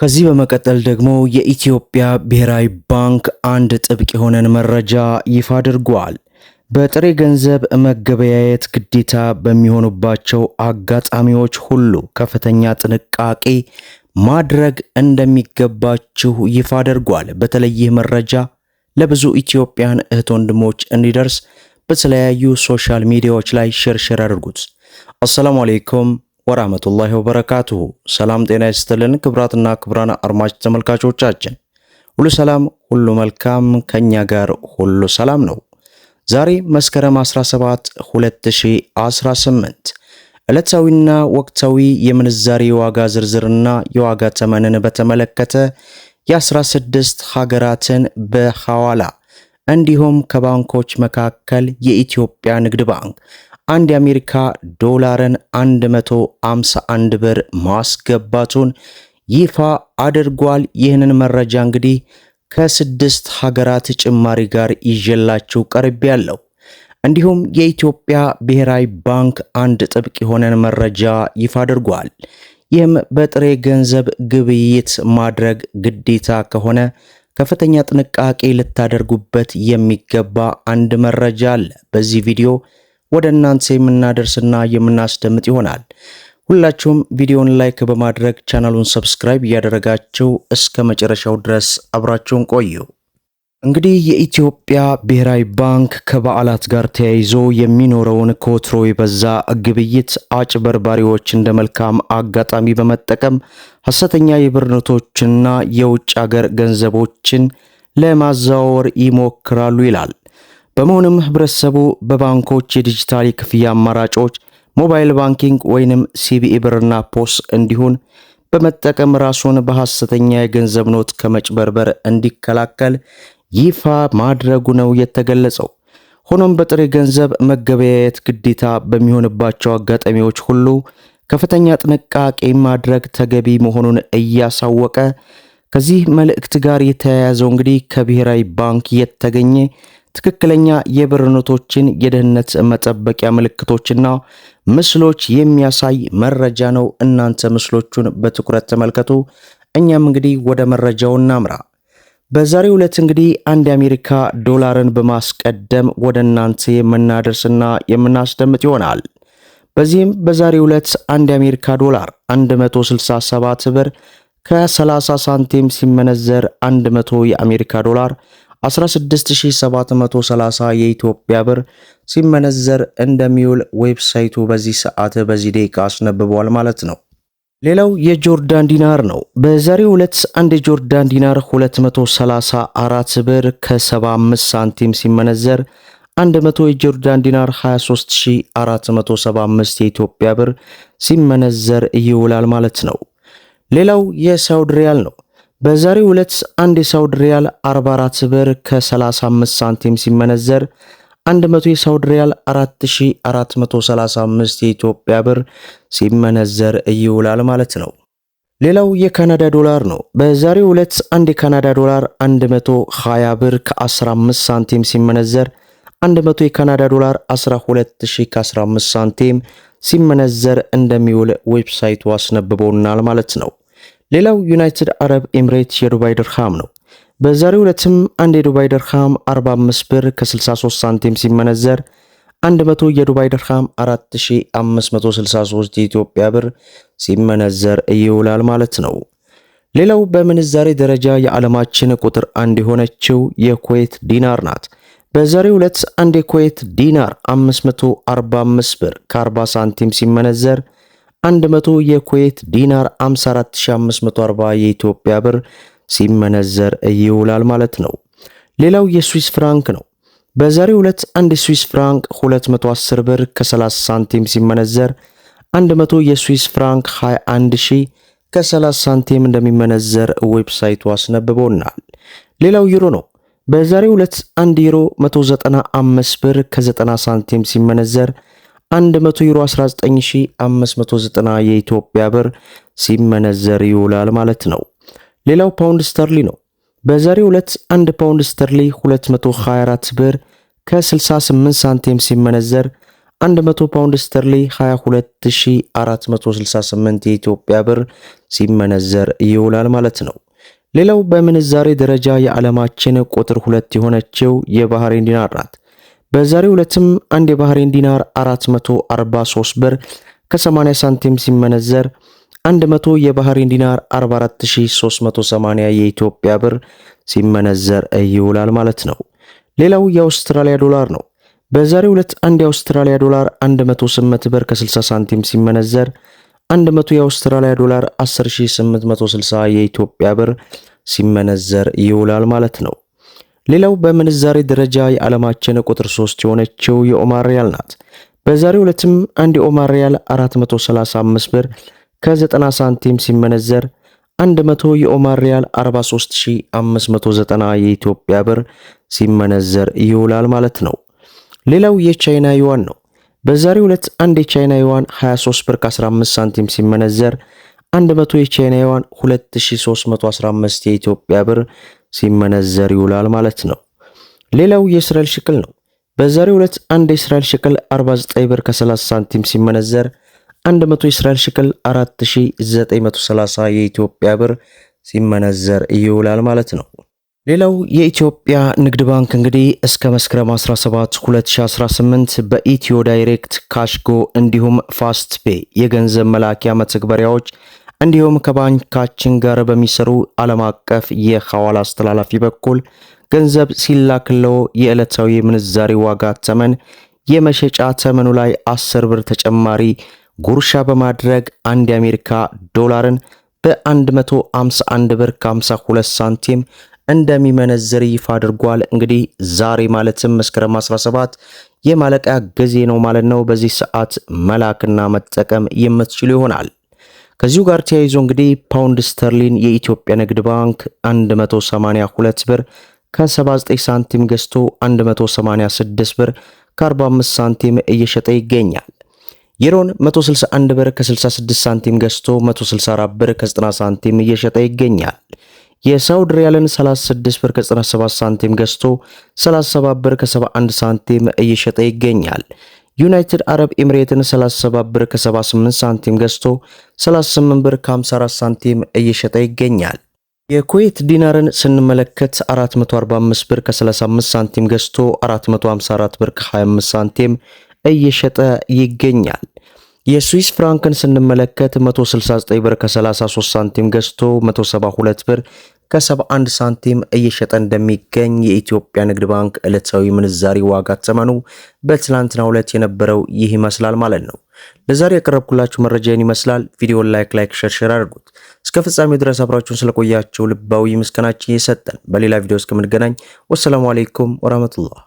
ከዚህ በመቀጠል ደግሞ የኢትዮጵያ ብሔራዊ ባንክ አንድ ጥብቅ የሆነን መረጃ ይፋ አድርጓል። በጥሬ ገንዘብ መገበያየት ግዴታ በሚሆኑባቸው አጋጣሚዎች ሁሉ ከፍተኛ ጥንቃቄ ማድረግ እንደሚገባችሁ ይፋ አድርጓል። በተለይ ይህ መረጃ ለብዙ ኢትዮጵያን እህት ወንድሞች እንዲደርስ በተለያዩ ሶሻል ሚዲያዎች ላይ ሽርሽር አድርጉት። አሰላሙ አሌይኩም ወራህመቱላሂ ወበረካቱሁ። ሰላም ጤና ይስጥልን ክብራትና ክብራን አድማጭ ተመልካቾቻችን ሁሉ ሰላም ሁሉ መልካም፣ ከኛ ጋር ሁሉ ሰላም ነው። ዛሬ መስከረም 17 2018 ዕለታዊና ወቅታዊ የምንዛሬ የዋጋ ዝርዝርና የዋጋ ተመንን በተመለከተ የ16 ሀገራትን በሐዋላ እንዲሁም ከባንኮች መካከል የኢትዮጵያ ንግድ ባንክ አንድ የአሜሪካ ዶላርን 151 ብር ማስገባቱን ይፋ አድርጓል። ይህንን መረጃ እንግዲህ ከስድስት ሀገራት ጭማሪ ጋር ይዤላችሁ ቀርቢ ያለው። እንዲሁም የኢትዮጵያ ብሔራዊ ባንክ አንድ ጥብቅ የሆነን መረጃ ይፋ አድርጓል። ይህም በጥሬ ገንዘብ ግብይት ማድረግ ግዴታ ከሆነ ከፍተኛ ጥንቃቄ ልታደርጉበት የሚገባ አንድ መረጃ አለ። በዚህ ቪዲዮ ወደ እናንተ የምናደርስና የምናስደምጥ ይሆናል። ሁላችሁም ቪዲዮን ላይክ በማድረግ ቻናሉን ሰብስክራይብ እያደረጋችሁ እስከ መጨረሻው ድረስ አብራችሁን ቆዩ። እንግዲህ የኢትዮጵያ ብሔራዊ ባንክ ከበዓላት ጋር ተያይዞ የሚኖረውን ከወትሮ የበዛ ግብይት አጭበርባሪዎች እንደ መልካም አጋጣሚ በመጠቀም ሐሰተኛ የብር ኖቶችና የውጭ አገር ገንዘቦችን ለማዘዋወር ይሞክራሉ ይላል። በመሆኑም ህብረተሰቡ በባንኮች የዲጂታል ክፍያ አማራጮች ሞባይል ባንኪንግ ወይንም ሲቢኢ ብርና ፖስ እንዲሁን በመጠቀም ራሱን በሐሰተኛ የገንዘብ ኖት ከመጭበርበር እንዲከላከል ይፋ ማድረጉ ነው የተገለጸው። ሆኖም በጥሬ ገንዘብ መገበያየት ግዴታ በሚሆንባቸው አጋጣሚዎች ሁሉ ከፍተኛ ጥንቃቄ ማድረግ ተገቢ መሆኑን እያሳወቀ ከዚህ መልእክት ጋር የተያያዘው እንግዲህ ከብሔራዊ ባንክ የተገኘ ትክክለኛ የብር ኖቶችን የደህንነት መጠበቂያ ምልክቶችና ምስሎች የሚያሳይ መረጃ ነው። እናንተ ምስሎቹን በትኩረት ተመልከቱ። እኛም እንግዲህ ወደ መረጃው እናምራ። በዛሬው ዕለት እንግዲህ አንድ የአሜሪካ ዶላርን በማስቀደም ወደ እናንተ የምናደርስና የምናስደምጥ ይሆናል። በዚህም በዛሬው ዕለት አንድ የአሜሪካ ዶላር 167 ብር ከ30 ሳንቲም ሲመነዘር 100 የአሜሪካ ዶላር 16730 የኢትዮጵያ ብር ሲመነዘር እንደሚውል ዌብሳይቱ በዚህ ሰዓት በዚህ ደቂቃ አስነብቧል ማለት ነው። ሌላው የጆርዳን ዲናር ነው። በዛሬው ዕለት አንድ የጆርዳን ዲናር 234 ብር ከ75 ሳንቲም ሲመነዘር 100 የጆርዳን ዲናር 23475 የኢትዮጵያ ብር ሲመነዘር ይውላል ማለት ነው። ሌላው የሳውድ ሪያል ነው። በዛሬ ዕለት አንድ የሳውድ ሪያል 44 ብር ከ35 ሳንቲም ሲመነዘር 100 የሳውድ ሪያል 4435 የኢትዮጵያ ብር ሲመነዘር ይውላል ማለት ነው። ሌላው የካናዳ ዶላር ነው። በዛሬ ዕለት አንድ የካናዳ ዶላር 120 ብር ከ15 ሳንቲም ሲመነዘር 100 የካናዳ ዶላር 12015 15 ሳንቲም ሲመነዘር እንደሚውል ዌብሳይቱ አስነብቦናል ማለት ነው። ሌላው ዩናይትድ አረብ ኤምሬት የዱባይ ድርሃም ነው። በዛሬው ዕለትም አንድ የዱባይ ድርሃም 45 ብር ከ63 ሳንቲም ሲመነዘር 100 የዱባይ ድርሃም 4563 የኢትዮጵያ ብር ሲመነዘር ይውላል ማለት ነው። ሌላው በምንዛሬ ደረጃ የዓለማችን ቁጥር አንድ የሆነችው የኩዌት ዲናር ናት። በዛሬው ዕለት አንድ የኩዌት ዲናር 545 ብር ከ40 ሳንቲም ሲመነዘር 100 የኩዌት ዲናር 54540 የኢትዮጵያ ብር ሲመነዘር ይውላል ማለት ነው። ሌላው የስዊስ ፍራንክ ነው። በዛሬ ዕለት አንድ ስዊስ ፍራንክ 210 ብር ከ30 ሳንቲም ሲመነዘር 100 የስዊስ ፍራንክ 21 ሺህ ከ30 ሳንቲም እንደሚመነዘር ዌብሳይቱ አስነብቦናል። ሌላው ዩሮ ነው። በዛሬ ዕለት አንድ ዩሮ 195 ብር ከ90 ሳንቲም ሲመነዘር 100 ዩሮ 19590 የኢትዮጵያ ብር ሲመነዘር ይውላል ማለት ነው። ሌላው ፓውንድ ስተርሊ ነው። በዛሬ ሁለት 1 ፓውንድ ስተርሊ 224 ብር ከ68 ሳንቲም ሲመነዘር 100 ፓውንድ ስተርሊ 22468 የኢትዮጵያ ብር ሲመነዘር ይውላል ማለት ነው። ሌላው በምንዛሬ ደረጃ የዓለማችን ቁጥር ሁለት የሆነችው የባህሬን ዲናር ናት። በዛሬው ዕለትም አንድ የባህሬን ዲናር 443 ብር ከ80 ሳንቲም ሲመነዘር 100 የባህሬን ዲናር 44380 የኢትዮጵያ ብር ሲመነዘር ይውላል ማለት ነው። ሌላው የአውስትራሊያ ዶላር ነው። በዛሬው ዕለት አንድ የአውስትራሊያ ዶላር 108 ብር ከ60 ሳንቲም ሲመነዘር 100 የአውስትራሊያ ዶላር 10860 የኢትዮጵያ ብር ሲመነዘር ይውላል ማለት ነው። ሌላው በምንዛሬ ደረጃ የዓለማችን ቁጥር 3 የሆነችው የኦማር ሪያል ናት። በዛሬው ዕለትም አንድ የኦማር ሪያል 435 ብር ከ90 ሳንቲም ሲመነዘር 100 የኦማር ሪያል 43590 የኢትዮጵያ ብር ሲመነዘር ይውላል ማለት ነው። ሌላው የቻይና ዩዋን ነው። በዛሬው ዕለት አንድ የቻይና ዩዋን 23 ብር ከ15 ሳንቲም ሲመነዘር 100 የቻይና ዩዋን 2315 የኢትዮጵያ ብር ሲመነዘር ይውላል ማለት ነው። ሌላው የእስራኤል ሽቅል ነው። በዛሬው ዕለት አንድ የእስራኤል ሽቅል 49 ብር ከ30 ሳንቲም ሲመነዘር 100 የእስራኤል ሽቅል 4930 የኢትዮጵያ ብር ሲመነዘር ይውላል ማለት ነው። ሌላው የኢትዮጵያ ንግድ ባንክ እንግዲህ እስከ መስከረም 17 2018 በኢትዮ ዳይሬክት ካሽጎ እንዲሁም ፋስት ፔ የገንዘብ መላኪያ መተግበሪያዎች እንዲሁም ከባንካችን ጋር በሚሰሩ ዓለም አቀፍ የሐዋላ አስተላላፊ በኩል ገንዘብ ሲላክለው የዕለታዊ ምንዛሪ ዋጋ ተመን የመሸጫ ተመኑ ላይ 10 ብር ተጨማሪ ጉርሻ በማድረግ አንድ የአሜሪካ ዶላርን በ151 ብር ከ52 ሳንቲም እንደሚመነዝር ይፋ አድርጓል። እንግዲህ ዛሬ ማለትም መስከረም 17 የማለቂያ ጊዜ ነው ማለት ነው። በዚህ ሰዓት መላክና መጠቀም የምትችሉ ይሆናል። ከዚሁ ጋር ተያይዞ እንግዲህ ፓውንድ ስተርሊን የኢትዮጵያ ንግድ ባንክ 182 ብር ከ79 ሳንቲም ገዝቶ 186 ብር ከ45 ሳንቲም እየሸጠ ይገኛል። ዩሮን 161 ብር ከ66 ሳንቲም ገዝቶ 164 ብር ከ90 ሳንቲም እየሸጠ ይገኛል። የሳውዲ ሪያልን 36 ብር ከ97 ሳንቲም ገዝቶ 37 ብር ከ71 ሳንቲም እየሸጠ ይገኛል። ዩናይትድ አረብ ኤምሬትን 37 ብር ከ78 ሳንቲም ገዝቶ 38 ብር ከ54 ሳንቲም እየሸጠ ይገኛል። የኩዌት ዲናርን ስንመለከት 445 ብር ከ35 ሳንቲም ገዝቶ 454 ብር ከ25 ሳንቲም እየሸጠ ይገኛል። የስዊስ ፍራንክን ስንመለከት 169 ብር ከ33 ሳንቲም ገዝቶ 172 ብር ከ71 ሳንቲም እየሸጠ እንደሚገኝ የኢትዮጵያ ንግድ ባንክ ዕለታዊ ምንዛሬ ዋጋ ተመኑ በትላንትናው ዕለት የነበረው ይህ ይመስላል ማለት ነው። ለዛሬ ያቀረብኩላችሁ መረጃን ይመስላል። ቪዲዮን ላይክ ላይክ ሼር ሼር አድርጉት። እስከ ፍጻሜው ድረስ አብራችሁን ስለቆያችሁ ልባዊ ምስጋናችን እየሰጠን በሌላ ቪዲዮ እስከምንገናኝ ወሰላሙ አሌይኩም ወራህመቱላህ